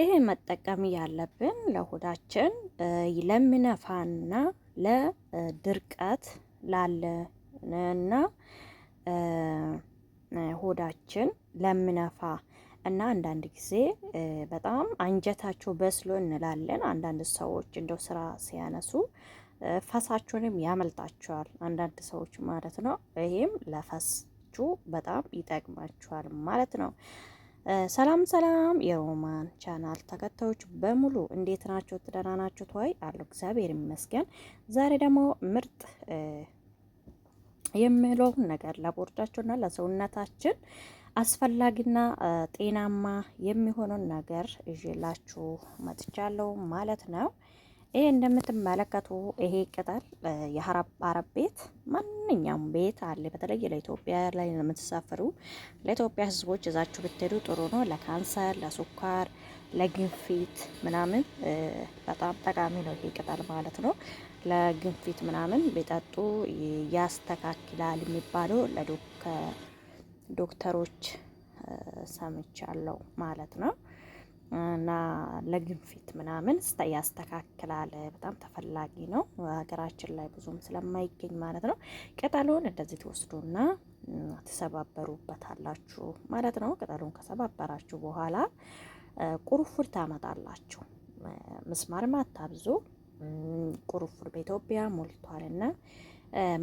ይህ መጠቀም ያለብን ለሆዳችን ለሚነፋና ለድርቀት ላለንና ሆዳችን ለሚነፋ እና አንዳንድ ጊዜ በጣም አንጀታቸው በስሎ እንላለን። አንዳንድ ሰዎች እንደው ስራ ሲያነሱ ፈሳችሁንም ያመልጣቸዋል፣ አንዳንድ ሰዎች ማለት ነው። ይህም ለፈሳችሁ በጣም ይጠቅማችኋል ማለት ነው። ሰላም ሰላም የሮማን ቻናል ተከታዮች በሙሉ እንዴት ናችሁ? ደህና ናችሁ? ተዋይ አሉ እግዚአብሔር ይመስገን። ዛሬ ደግሞ ምርጥ የምለውን ነገር ለቦርዳችሁና ለሰውነታችን አስፈላጊና ጤናማ የሚሆነውን ነገር ይዤላችሁ መጥቻለሁ ማለት ነው። ይሄ እንደምትመለከቱ ይሄ ቅጠል የአረብ ቤት ማንኛውም ቤት አለ። በተለይ ለኢትዮጵያ ላይ ለምትሳፈሩ ለኢትዮጵያ ሕዝቦች እዛችሁ ብትሄዱ ጥሩ ነው። ለካንሰር፣ ለሱኳር፣ ለግንፊት ምናምን በጣም ጠቃሚ ነው ይሄ ቅጠል ማለት ነው። ለግንፊት ምናምን ቢጠጡ ያስተካክላል የሚባለው ለዶክተሮች ሰምቻለሁ ማለት ነው። እና ለግንፊት ምናምን ያስተካክላል። በጣም ተፈላጊ ነው ሀገራችን ላይ ብዙም ስለማይገኝ ማለት ነው። ቅጠሉን እንደዚህ ትወስዱና ትሰባበሩበታላችሁ ማለት ነው። ቅጠሉን ከሰባበራችሁ በኋላ ቁርፉር ታመጣላችሁ። ምስማር ማታብዙ ቁርፉር በኢትዮጵያ ሞልቷልና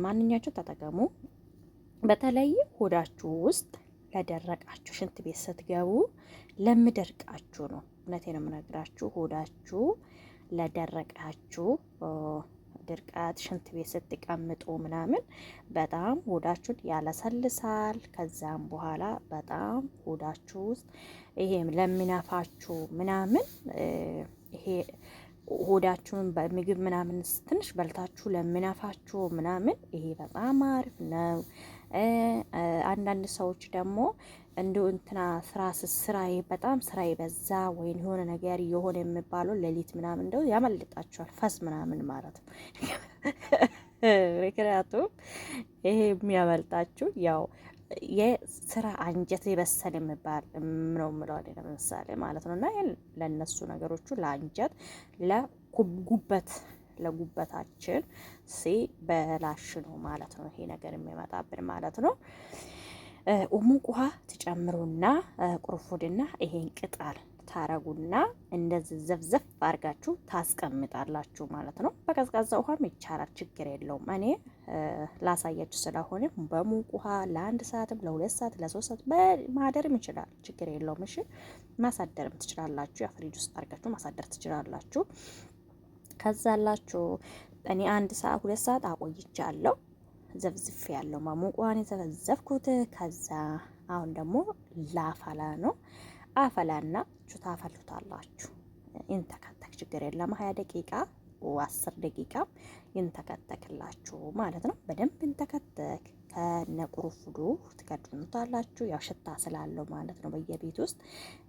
ማንኛችሁ ተጠቀሙ። በተለይ ሆዳችሁ ውስጥ ለደረቃችሁ ሽንት ቤት ስትገቡ ለምደርቃችሁ ነው። እውነቴን ነው የምነግራችሁ። ሆዳችሁ ለደረቃችሁ ድርቀት ሽንት ቤት ስትቀምጡ ምናምን በጣም ሆዳችሁን ያለሰልሳል። ከዛም በኋላ በጣም ሆዳችሁ ውስጥ ይሄም ለሚነፋችሁ ምናምን ይሄ ሆዳችሁን በምግብ ምናምን ትንሽ በልታችሁ ለሚነፋችሁ ምናምን ይሄ በጣም አሪፍ ነው። አንዳንድ ሰዎች ደግሞ እንዲ እንትና ስራ ስራዬ በጣም ስራ የበዛ ወይም የሆነ ነገር የሆነ የሚባለው ሌሊት ምናምን እንደው ያመልጣቸዋል ፈስ ምናምን ማለት ነው። ምክንያቱም ይሄ የሚያመልጣችሁ ያው የስራ አንጀት የበሰል የሚባል ነው ምለዋል ለምሳሌ ማለት ነው እና ለእነሱ ነገሮቹ ለአንጀት ለጉበት ለጉበታችን በላሽ ነው ማለት ነው ይሄ ነገር የሚመጣብን ማለት ነው። ሙቅ ውሃ ትጨምሩና ቁርፉድና ይሄን ቅጠል ታረጉና እንደዚህ ዘፍዘፍ አድርጋችሁ ታስቀምጣላችሁ ማለት ነው። በቀዝቃዛ ውሃም ይቻላል፣ ችግር የለውም። እኔ ላሳያችሁ ስለሆነ በሙቅ ውሃ ለአንድ ሰዓትም ለሁለት ሰዓት ለሶስት ሰዓት ማደርም ይችላል፣ ችግር የለውም። እሺ ማሳደርም ትችላላችሁ። የፍሪጅ ውስጥ አድርጋችሁ ማሳደር ትችላላችሁ። ከዛላችሁ እኔ አንድ ሰዓት ሁለት ሰዓት አቆይቻለሁ። ዘፍዝፍ ያለው ማሞቋን የዘፈዘፍኩት ከዛ አሁን ደግሞ ላፈላ ነው። አፈላና ታፈሉታላችሁ። ይንተከተክ ችግር የለም። ሀያ ደቂቃ አስር ደቂቃ ይንተከተክላችሁ ማለት ነው። በደንብ ይንተከተክ። ከነቁሩፉዱ ትከድኑታላችሁ። ያው ሽታ ስላለው ማለት ነው። በየቤት ውስጥ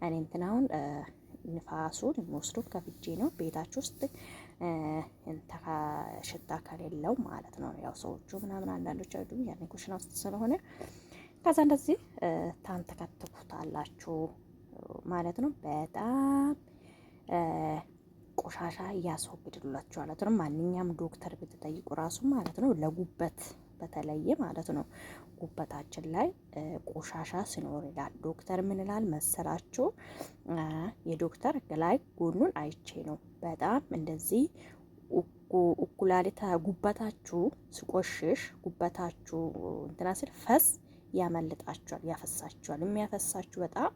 እኔ እንትናውን ንፋሱን የሚወስዱ ከፍቼ ነው ቤታችሁ ውስጥ ሽታ ከሌለው ማለት ነው። ያው ሰዎቹ ምናምን አንዳንዶች አይዱም ያኔ ኩሽና ውስጥ ስለሆነ ከዛ እንደዚህ ታንተከትኩታላችሁ ማለት ነው። በጣም ቆሻሻ እያስወግድላችኋል ማለት ነው። ማንኛውም ዶክተር ብትጠይቁ ራሱ ማለት ነው ለጉበት በተለይ ማለት ነው ጉበታችን ላይ ቆሻሻ ሲኖር ይላል ዶክተር ምን ይላል መሰላችሁ? የዶክተር ላይ ጎኑን አይቼ ነው በጣም እንደዚህ ኩላሊት ጉበታችሁ ሲቆሽሽ ጉበታችሁ እንትና ሲል ፈስ ያመልጣችኋል፣ ያፈሳችኋል። የሚያፈሳችሁ በጣም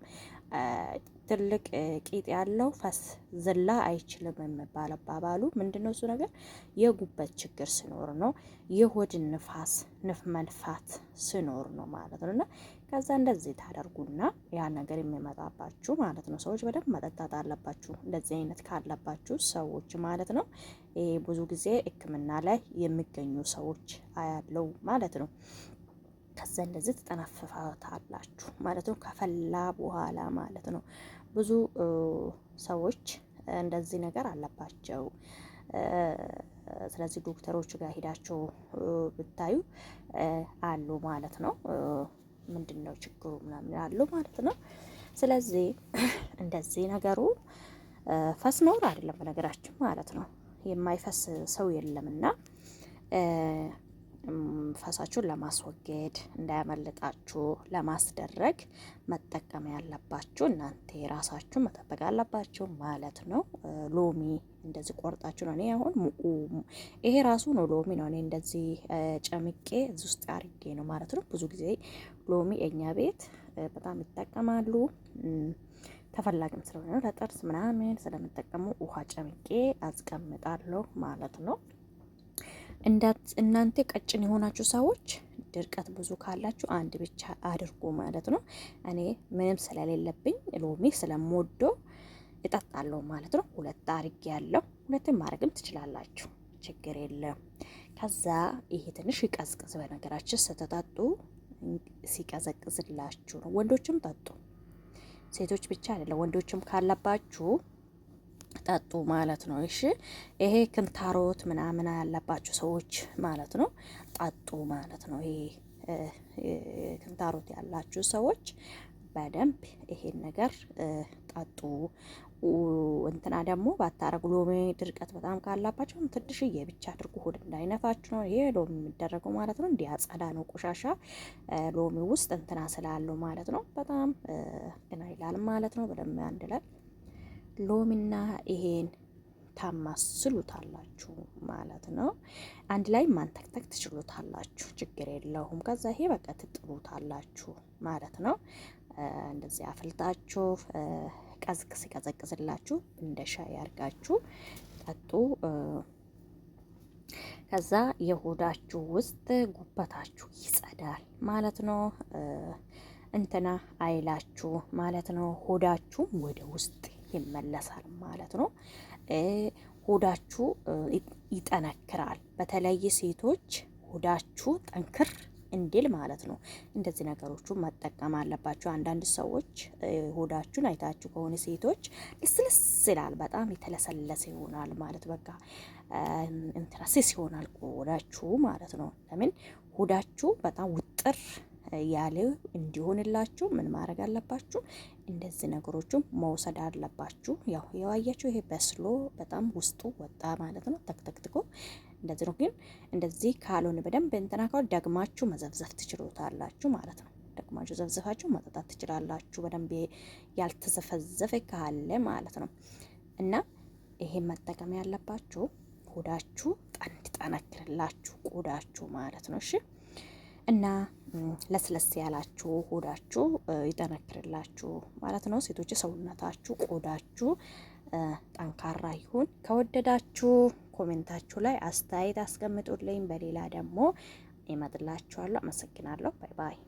ትልቅ ቂጥ ያለው ፈስ ዝላ አይችልም የሚባል አባባሉ ምንድነው? እሱ ነገር የጉበት ችግር ሲኖር ነው፣ የሆድን ንፋስ ንፍ መንፋት ሲኖር ነው ማለት ነው። እና ከዛ እንደዚህ ታደርጉና ያ ነገር የሚመጣባችሁ ማለት ነው። ሰዎች በደንብ መጠጣት አለባችሁ፣ እንደዚህ አይነት ካለባችሁ ሰዎች ማለት ነው። ብዙ ጊዜ ሕክምና ላይ የሚገኙ ሰዎች አያለው ማለት ነው። ከዛ እንደዚህ ትጠነፍፋታላችሁ ማለት ነው። ከፈላ በኋላ ማለት ነው። ብዙ ሰዎች እንደዚህ ነገር አለባቸው። ስለዚህ ዶክተሮች ጋር ሄዳቸው ብታዩ አሉ ማለት ነው። ምንድን ነው ችግሩ ምናምን አሉ ማለት ነው። ስለዚህ እንደዚህ ነገሩ ፈስ ኖር አይደለም በነገራችን ማለት ነው። የማይፈስ ሰው የለምና ፈሳችሁን ለማስወገድ እንዳያመልጣችሁ ለማስደረግ መጠቀም ያለባችሁ እናንተ ራሳችሁን መጠበቅ አለባችሁ ማለት ነው። ሎሚ እንደዚህ ቆርጣችሁ ነው። እኔ አሁን ይሄ ራሱ ነው ሎሚ ነው። እኔ እንደዚህ ጨምቄ እዚህ ውስጥ አድርጌ ነው ማለት ነው። ብዙ ጊዜ ሎሚ እኛ ቤት በጣም ይጠቀማሉ። ተፈላጊም ስለሆነ ለጥርስ ምናምን ስለምጠቀሙ ውሃ ጨምቄ አስቀምጣለሁ ማለት ነው። እናንተ ቀጭን የሆናችሁ ሰዎች ድርቀት ብዙ ካላችሁ አንድ ብቻ አድርጉ ማለት ነው። እኔ ምንም ስለሌለብኝ ሎሚ ስለምወደው እጠጣለሁ ማለት ነው። ሁለት አርግ ያለው ሁለትም ማድረግም ትችላላችሁ፣ ችግር የለም። ከዛ ይሄ ትንሽ ይቀዝቅዝ። በነገራችን ስትጠጡ ሲቀዘቅዝላችሁ ነው። ወንዶችም ጠጡ፣ ሴቶች ብቻ አይደለም። ወንዶችም ካለባችሁ ጠጡ ማለት ነው። እሺ ይሄ ክንታሮት ምናምን ያለባቸው ሰዎች ማለት ነው ጠጡ ማለት ነው። ይሄ ክንታሮት ያላችሁ ሰዎች በደንብ ይሄን ነገር ጠጡ። እንትና ደግሞ ባታረጉ ሎሚ ድርቀት በጣም ካላባቸው ትንሽዬ ብቻ አድርጉ። ሆድ እንዳይነፋችሁ ነው ይሄ ሎሚ የሚደረገው ማለት ነው። እንዲያጸዳ ነው። ቆሻሻ ሎሚ ውስጥ እንትና ስላለው ማለት ነው። በጣም እንትና ይላል ማለት ነው። በደንብ አንድ ላይ ሎሚና ይሄን ታማስሉታላችሁ ማለት ነው። አንድ ላይ ማንተክተክ ትችሉታላችሁ፣ ችግር የለውም። ከዛ ይሄ በቃ ትጥሉታላችሁ ማለት ነው። እንደዚህ አፍልታችሁ ቀዝቅ ሲቀዘቅዝላችሁ እንደ ሻይ አርጋችሁ ጠጡ። ከዛ የሆዳችሁ ውስጥ ጉበታችሁ ይጸዳል ማለት ነው። እንትና አይላችሁ ማለት ነው። ሆዳችሁም ወደ ውስጥ ይመለሳል ማለት ነው። ሆዳችሁ ይጠነክራል። በተለይ ሴቶች ሆዳችሁ ጠንክር እንዲል ማለት ነው። እንደዚህ ነገሮቹ መጠቀም አለባቸው። አንዳንድ ሰዎች ሆዳችሁን አይታችሁ ከሆነ ሴቶች ልስልስ ይላል፣ በጣም የተለሰለሰ ይሆናል ማለት በቃ እንትራሴስ ይሆናል ሆዳችሁ ማለት ነው። ለምን ሆዳችሁ በጣም ውጥር ያለ እንዲሆንላችሁ ምን ማድረግ አለባችሁ? እንደዚህ ነገሮችን መውሰድ አለባችሁ። ያው የዋያችሁ ይሄ በስሎ በጣም ውስጡ ወጣ ማለት ነው። ተክተክትኮ እንደዚህ ነው። ግን እንደዚህ ካልሆነ በደንብ እንትናካው ደግማችሁ መዘፍዘፍ ትችሉታላችሁ ማለት ነው። ደግማችሁ ዘፍዘፋችሁ መጠጣት ትችላላችሁ። በደንብ ያልተዘፈዘፈ ካለ ማለት ነው። እና ይሄን መጠቀም ያለባችሁ ሆዳችሁ ጠንድ ቆዳችሁ ማለት ነው። እሺ እና ለስለስ ያላችሁ ሆዳችሁ ይጠነክርላችሁ ማለት ነው። ሴቶች ሰውነታችሁ፣ ቆዳችሁ ጠንካራ ይሁን። ከወደዳችሁ ኮሜንታችሁ ላይ አስተያየት አስቀምጡልኝ። በሌላ ደግሞ ይመጥላችኋለሁ። አመሰግናለሁ። ባይ ባይ